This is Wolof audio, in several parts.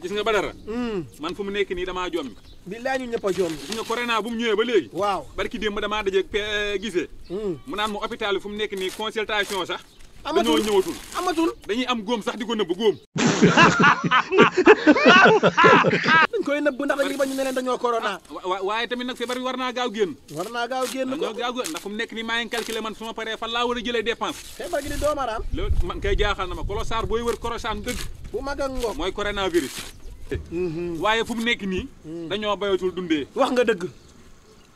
billaahi gis nga Badara hmm. man fu mu nekk nii dama joom bi ñun ñëpp a joom nga corona bu mu ñëwee ba léegi waaw barki démb damaa dajeeg eh, gisee hmm. mu naan ma hôpital fu mu nekk nii consultation sax amatul dañoo ñëwatul amatul dañuy am góom sax di ko nëbb góom. dañ koy nëbb ndax dañuy bañ ne leen dañoo corona. Ah, waaye tamit nag feebar bi war naa gaaw génn. war naa gaaw génn ko gaaw génn ndax fu mu nekk nii maa ngi calculer man su ma paree fan laa war a jëlee dépense. feebar gi di doomaraam. man kay jaaxal na ma kolosaar booy wër korosaan dëgg. bu mag ak ngoog mooy coronavirus. Mhm. waaye fu mu nekk nii. Mhm. dañoo bayatul dundee. wax nga dëgg.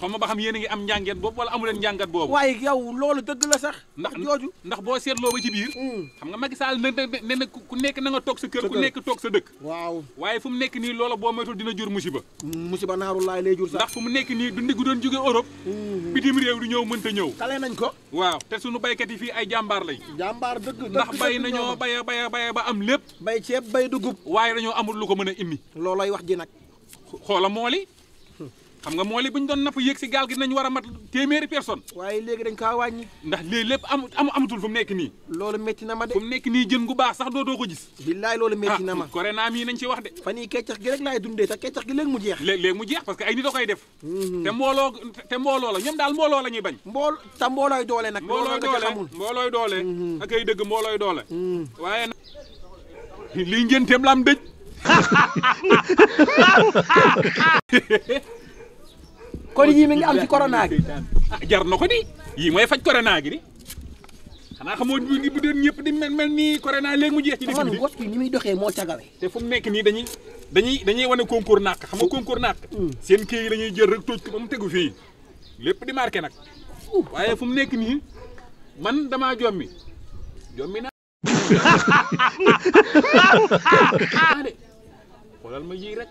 xam ma ba xam yéen ngi am njàngat boobu wala amu leen njàngat boobu. waaye yow loolu dëgg la sax. ndax jooju ndax boo seetloo ba ci biir. Hmm. xam nga Macky Sall ne ne ne ku nekk na nga toog kër ku nekk toog sa dëkk. waaw waaye fu mu nekk nii loola boo moytul dina jur musiba. musiba naaru laay lay jur sax. fu mu nekk nii dundi gu doon jóge Europe. Hmm. bitim réew du ñëw mënta ñëw. tale nañ ko. waaw te sunu baykat yi fii ay jàmbaar lañ. jàmbaar dëgg dëgg ndax bay nañoo bay bay bay ba am lépp. bay ceeb bay dugub. waaye dañoo amul lu ko mën a indi. loolay wax ji nag xoola mooli xam nga moo li bu ñu doon napp yéeg si gaal gi nañ war a mat téeméeri personne waaye léegi dañ kaa wàññi ndax léegi lépp am am amatul fu mu nekk nii loolu métti na ma de fu nekk nii jën gu baax sax doo ko gis billaay loolu métti na ma ah, corona mii nañ ci wax de fan yii keccax gi rek laay dundee sax keccax gi léegi mu jeex léeg léegi mu jeex parce que ay nit a mhm. te mbooloo la ñoom daal mbooloo la ñuy bañ mbool te mboolooy doole nag mboolooy doole mboolooy doole mhm. ak ay dëgg mboolooy doole mhm. waaye nag lii ngénteem la am dëj kon yii mi ngi am ci corona gi. ah jar na ko di yii mooy faj corona gi di xanaa xamoo bu doon ñëpp di mel mel nii corona léegi mu jeex ci bi man gox ni muy doxee moo cagawe. te fu mu nekk nii dañuy dañuy dañuy wane concours nàq xam nga concours mm. seen kii dañuy jël rek tóoj ko ba mu tegu fii lépp di marqué nag waaye fu mu nekk nii man damaa jommi jommi naa. xoolal ma yii rek.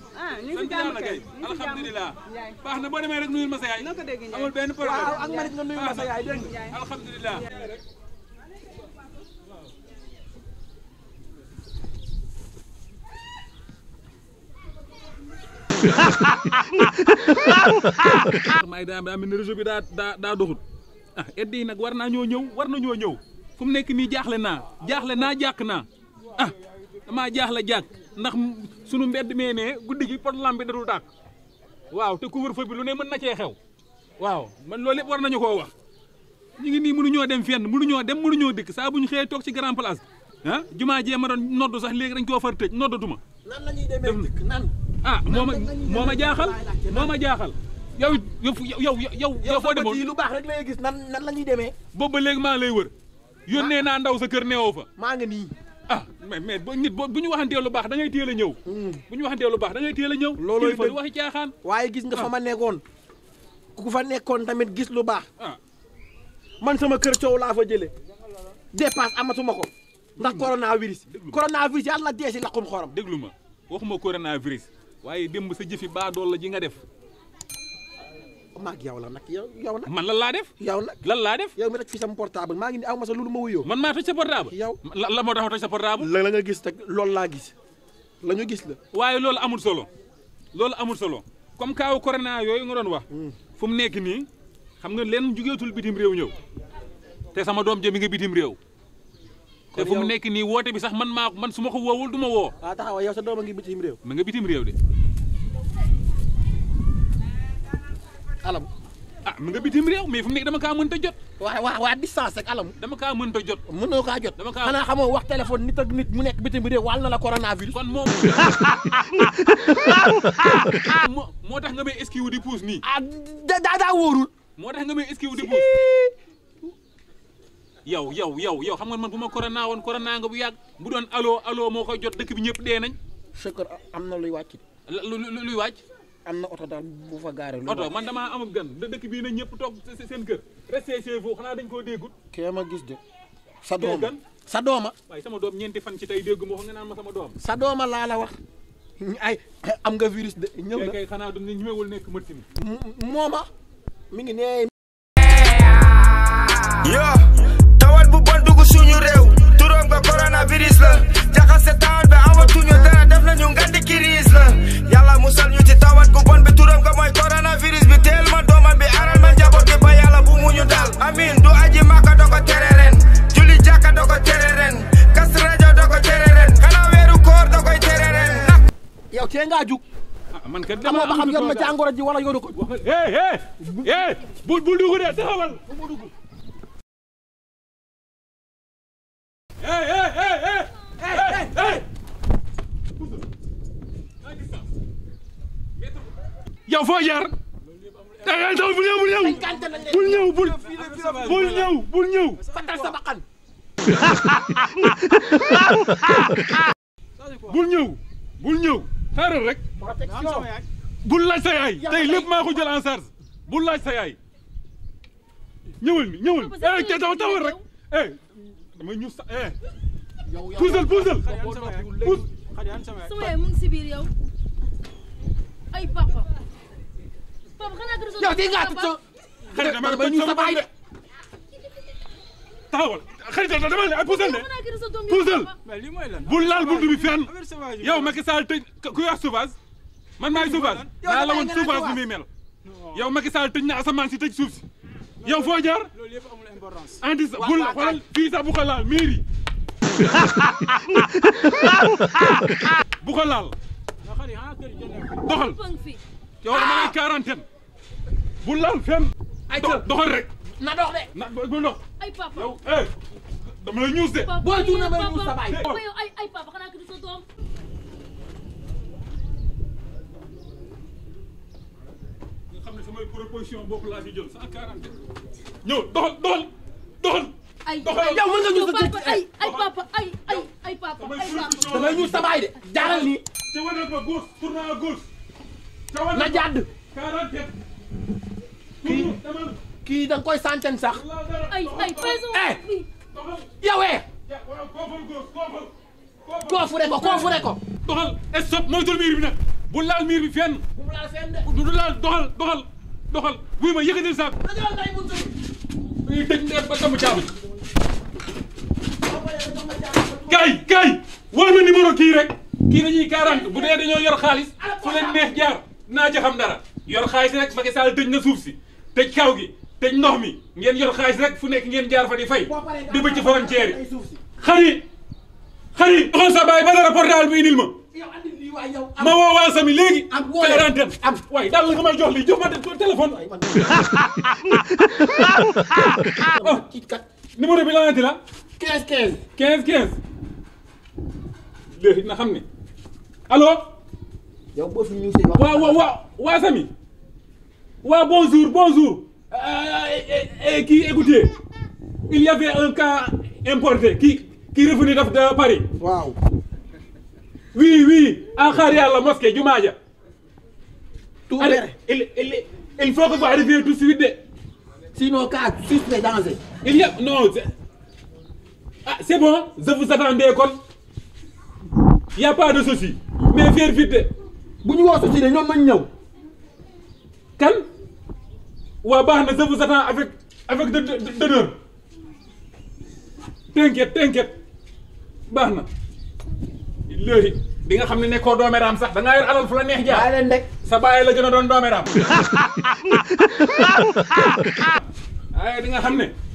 ah ñu ngi si jàmm na boo demee rek nuyul ma sa yaay amul benn problème waaw ak daa mel ni réseau bi daa daa daa doxut ah, eddi nag war naa ñoo ñëw war na ñoo ñëw fu mu nekk nii jaaxle naa jaaxle naa jàkk naa ah damaa jaaxle jàkk ndax sunu mbedd mee ne guddi gi pot lampe bi dadul tàkk waaw te couvre-feu bi lu ne mën na cee xew waaw man loolu yëpp war nañu ko wax ñu ngi nii mënuñoo dem fenn mënuñoo dem mënuñoo dikk saa bu ñu xëyee toog ci grand place bi ah, jumaa jee ma doon noddu sax léegi dañ koo far tëj noddatuma nan la ñuy demee dikk nan ah moo ma moo ma jaaxal moo ma jaaxal yow yow yow yow yow foo demoon lu baax rek lay gis nan nan la ñuy demee boobu ba léegi maa ngi lay wër yónnee naa ndaw sa kër neewoo fa maa ngi nii ah mais mais boo nit boo bu ñu waxantee lu baax da ngay teel a ñëw. Hmm. bu ñu waxantee lu baax da ngay teel a ñëw. loolooy dëgg waxi caaxaan. waaye gis nga fa ah. ma nekkoon ku fa nekkoon tamit gis lu baax. Ah. man sama kër coow laa fa jëlee dépasse amatuma ko. ndax coronavirus. déglu coronavirus yàlla na dee si laqum xorom. déglu ma waxuma coronavirus waaye démb sa jëfi baadool la ji nga def. maag yow la nag yow yow nag man lan laa def yow nag lan laa def yow mi toj fi sama portable ngi ni ma sa loolu ma wuyoo man maa toj sa portable yow la moo tax ma toj sa portable la nga gis teg loolu laa gis la ñu gis la waaye loolu amul solo loolu amul solo comme kaaw corona yooyu nga doon wax hmm. fu mu nekk nii xam nga leen jugeetul bitim réew ñëw te sama doom jëmi nga bitim réew te fu mu nekk nii woote bi sax man maa man su ma ko woowul du ma woo ah taxaw yow sa doom réew ma nga bitim réew de alamu a ah, mun nga bitim réew mais fu mu nekk dama kaa mënta jot waaw waaw waa distance ak alamu dama kaa mënta jot mënoo kaa jot dama kaa xanaa xamoo wax téléphone nit ak nit mu nekk bitim réew wàll na la coronavirus kon moom moo tax nga may esquive di pousse nii ah, a daa daa wóorul moo tax nga may esquive di pousse yow yaw yow yow xam nga man bu ma corona woon corona nga bu yàgg mu doon allo allo moo koy jot dëkk bi ñëpp dee nañ chekër am na luy wàcc luy wàcc am na oto daal bu fa gaare lu oto man damaa amul gan dëkk bii na ñëpp toog seen kër resté chez vous xanaa dañ koo déggut kee ma gis de sa dooma sa dooma waaye sama doom ñeenti fan ci tey déggu ma wax nga naan ma sama doom sa dooma laa la wax ay am nga virus de ñëw na kay xanaa du ñemewul nekk mët mi mooma mi ngi nee ngaa jug. Ah, man kat demoon ba xam yor na jàngoro ji wala yoru ko. wax nga eh eh eh bul bul dugg de taxawal bul eh, dugg. Eh eh, eh eh eh eh eh. yow foo jaar. da ngay taw bul ñëw bul ñëw. bul ñëw bul bul ñëw bul ñëw. fatal sa bakkan. bul ñëw bul ñëw. xaaral rek. bul laaj sa yaay tey lépp maa ko jël en charge bul laaj sa mi ñëwal mi eh te dama tawal rek eh damay ñuuf sa eh. puusal puusal yow ay papa. papa xanaa gën a. yow di nga at sa. xëy na dama de xëy na dama ne ay puusal de puusal ah, bul laal buntu bi fenn ah, yow Macky Sall tëj ku yor sauvage man maay sauvage naa la woon sauvage bi muy mel yow Macky Sall tëj na asamaan si tëj suuf si yow foo jaar anti bul xoolal fii sax ah, rek na dox de. na du dox. ay papa yow eh dama lay ñuus de. boo jur na may ñuus sa baay. yow ay ay papa xanaa ki du sa doom. nga xam ne samay proposition bopp laa fi jël cent quarante. ñëw doxal doxal doxal. ay yow mën nga ñu sa papa ay ay papa ay ay ay papa ay papa. damay ñuus sa baay de jaaral nii. ca wane ba gauche tourne à gauche. ca wane na jàdd. quarante. kii kii da koy santen sax. ay ay président. Eh! yowee. Eh! koofure ko koofure ko. doxal stop moytul miir bi nag bu laal miir bi fenn. bu laal fenn de. du laal doxal doxal doxal ma yëkkatil saako. dañuy kay kay woo ma numéro kii rek. kii dañuy 40 bu dee dañoo yor xaalis fu leen jaar naa ci xam dara yor xaalis rek Macky Sall tëj na suuf si tëj kaw gi. tëj ndox mi ngeen yor xaalis rek fu nekk ngeen jaar fa di fay di bëcc frontière yi xarit xarit doxal sa baay ba dara portable bi indil ma ma woo waa sami léegi quarantaine waaye jox lii jox ma téléphone oh, numéro bi laanati la 15 15 15 na xam ne allo waaw waaw waaw waa sami waaw bonjour bonjour Euh, euh, euh, ki qui il y avait un cas importé qui qui revenait de Paris. waaw. oui oui. à xaar yàlla mosquée jumaa ja. tout il il il faut que vous arriviez tout de suite de. sinon cas suspect danger. il y a non ah c'est bon je vous attendais kon y a pas de souci mais faire vite de. bu ñu woo souci de ñoom nañ ñëw. kan. waa baax na je vous attends avec avec d'honneur t'inquiète t'inquiète baax na léegi di nga xam ne nekkoo dooméraam sax da ngaa yor alal fu la neex jaar leen rek sa bàyyi la gën a doon dooméraam nga xam ne